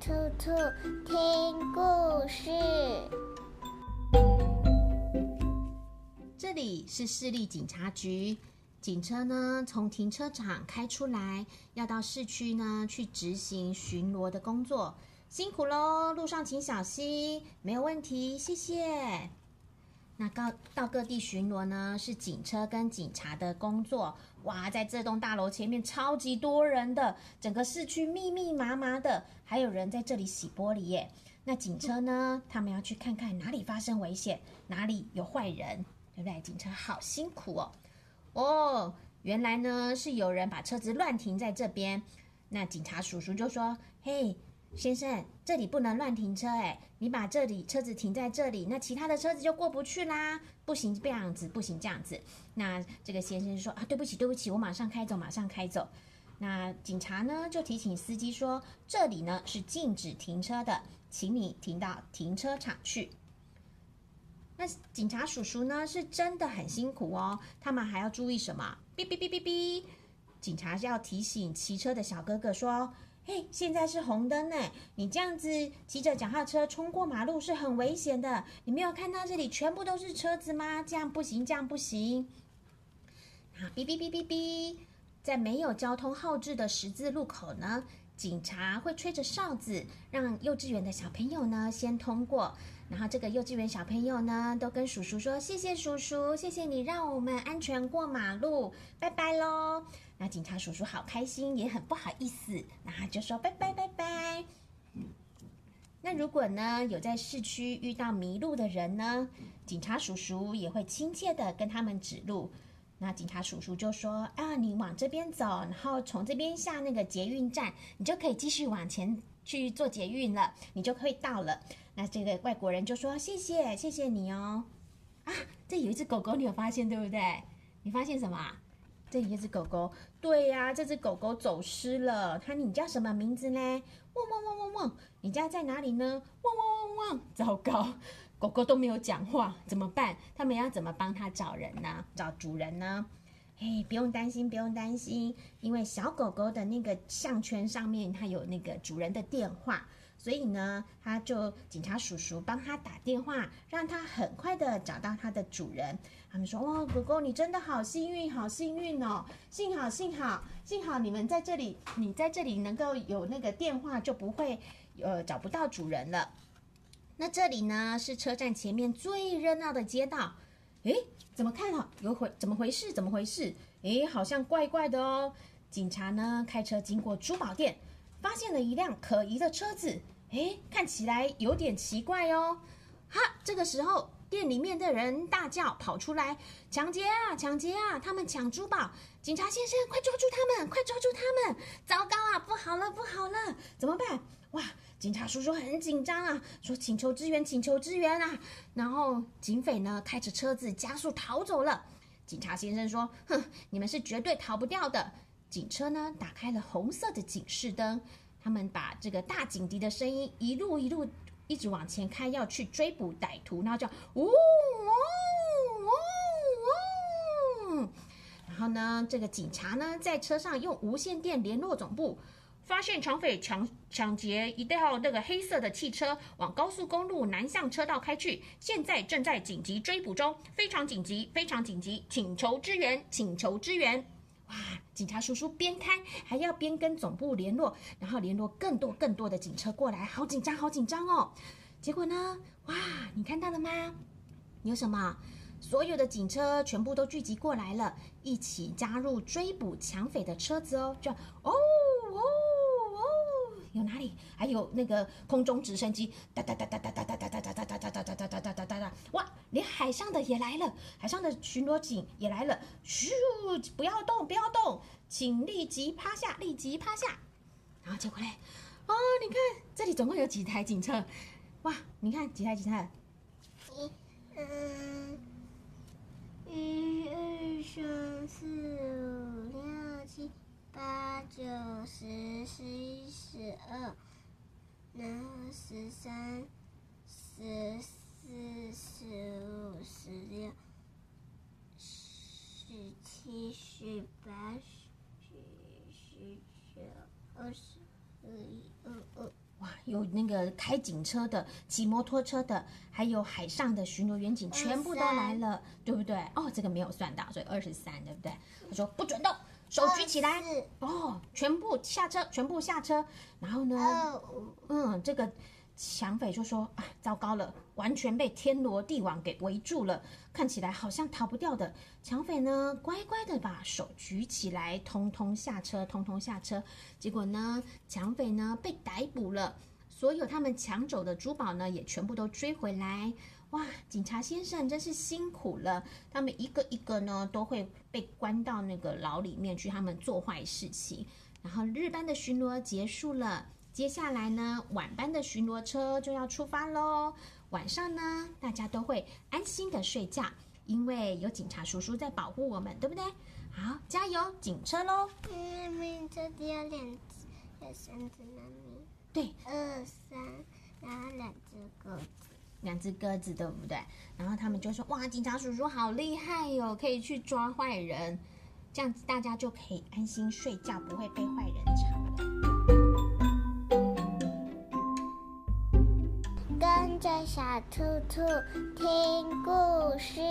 兔兔聽故事。這裡是市立警察局，警車呢，從停車場開出來，要到市區呢去執行巡邏的工作。辛苦嘍，路上請小心，沒有問題，謝謝。那到到各地巡邏呢，是警車跟警察的工作。哇，在這棟大樓前面超級多人的，整個市區密密麻麻的，還有人在這裡洗玻璃耶。那警車呢？他們要去看看哪裡發生危險，哪裡有壞人，對不對？警車好辛苦哦。哦，原來呢，是有人把車子亂停在這邊，那警察叔叔就說：“嘿。”先生，這裡不能亂停車哎！你把這裡車子停在這裡，那其他的車子就過不去啦。不行，這樣子不行，這樣子。那這個先生說啊，對不起，對不起，我馬上開走，馬上開走。那警察呢就提醒司機說，這裡呢是禁止停車的，請你停到停車場去。那警察叔叔呢是真的很辛苦哦，他們還要注意什麼？嗶嗶嗶嗶嗶！警察要提醒騎車的小哥哥說。嘿，現在是紅燈呢，你這樣子騎着腳踏車衝過馬路是很危險的。你沒有看到這裡全部都是車子嗎？這樣不行，這樣不行。好，嗶嗶嗶嗶嗶，在沒有交通號志的十字路口呢，警察會吹着哨子，讓幼稚園的小朋友呢先通過。然後這個幼稚園小朋友呢，都跟叔叔說謝謝叔叔，謝謝你讓我們安全過馬路，拜拜嘍。那警察叔叔好開心，也很不好意思。然後就說拜拜，拜拜。那如果呢，有在市區遇到迷路的人呢，警察叔叔也會親切的跟他們指路。那警察叔叔就說啊，你往這邊走，然後從這邊下那個捷運站，你就可以繼續往前去坐捷運了，你就可以到了。那這個外國人就說，謝謝謝謝你哦。啊，這有一隻狗狗，你有發現對不對？你發現什麼？這，這隻狗狗，對呀、啊，這隻狗狗走失了。它，你叫什麼名字呢？汪汪汪汪汪！你家在哪裡呢？汪汪汪汪！糟糕，狗狗都沒有講話，怎麼辦？他們要怎麼幫他找人呢？找主人呢？哎，不用擔心，不用擔心，因為小狗狗的那個項圈上面它有那個主人的電話。所以呢，他就警察叔叔幫他打電話，讓他很快地找到他的主人。他們說：“哇、哦，狗狗，你真的好幸運，好幸運哦！幸好，幸好，幸好你們在這裡，你在這裡能夠有那個電話，就不會呃找不到主人了。”那這裡呢是車站前面最熱鬧的街道。誒，怎麼看了，啊、有回？怎麼回事？怎麼回事？誒，好像怪怪的哦。警察呢開車經過珠寶店。發現了一輛可疑的車子，哎，看起來有點奇怪哦。哈，這個時候店裡面的人大叫，跑出來搶劫啊，搶劫啊！他們搶珠寶，警察先生，快抓住他們，快抓住他們！糟糕啊，不好了，不好了，怎麼辦？哇，警察叔叔很緊張啊，說請求支援，請求支援啊！然後警匪呢，開着車子加速逃走了。警察先生說，哼，你們是絕對逃不掉的。警車呢，打開了紅色的警示燈，他們把這個大警笛的聲音一路一路一直往前開，要去追捕歹徒。然後叫嗚嗚嗚嗚。然後呢，這個警察呢，在車上用無線電聯絡總部，發現搶匪搶搶劫一輛那個黑色的汽車，往高速公路南向車道開去，現在正在緊急追捕中，非常緊急，非常緊急，請求支援，請求支援。哇，警察叔叔邊開，還要邊跟總部聯絡，然後聯絡更多更多的警車過來，好緊張，好緊張哦！結果呢？哇，你看到了嗎？你有什麼？所有的警車全部都聚集過來了，一起加入追捕搶匪的車子哦，這哦。有哪裡？還有那個空中直升機，噠噠噠噠噠噠噠噠噠噠噠噠噠噠噠噠噠噠噠！哇，連海上的也來了，海上的巡邏警也來了。噓，不要動，不要動，請立即趴下，立即趴下。然後結果嘞，哦，你看這裡總共有幾台警車？哇，你看幾台幾台？一，嗯。十三、十四、十五、十六、十七、十八、十、十九、二十、二一、二、嗯、二。嗯、哇，有那個開警車的、騎摩托車的，還有海上的巡邏員警，全部都來了，對不對？哦，這個沒有算到，所以二十三，對不對？他說不准動。 手舉起來哦，哦，全部下車，全部下車。然後呢，哦、嗯，這個搶匪就說啊，糟糕了，完全被天羅地網給圍住了，看起來好像逃不掉的。搶匪呢，乖乖的把手舉起來，通通下車，通通下車。結果呢，搶匪呢被逮捕了，所有他們搶走的珠寶呢也全部都追回來。哇，警察先生真是辛苦了。他們一個一個呢，都會被關到那個牢裡面去。他們做壞事情，然後日班的巡邏結束了，接下來呢，晚班的巡邏車就要出發嘍。晚上呢，大家都會安心的睡覺，因為有警察叔叔在保護我們，對不對？好，加油，警車嘍！嗯，警車只有兩隻，有三隻貓咪。對，二三，然後兩隻狗。兩隻鴿子，對不對？然後他們就說：“哇，警察叔叔好厲害喲，哦，可以去抓壞人，這樣子大家就可以安心睡覺，不會被壞人吵了。”跟着小兔兔聽故事。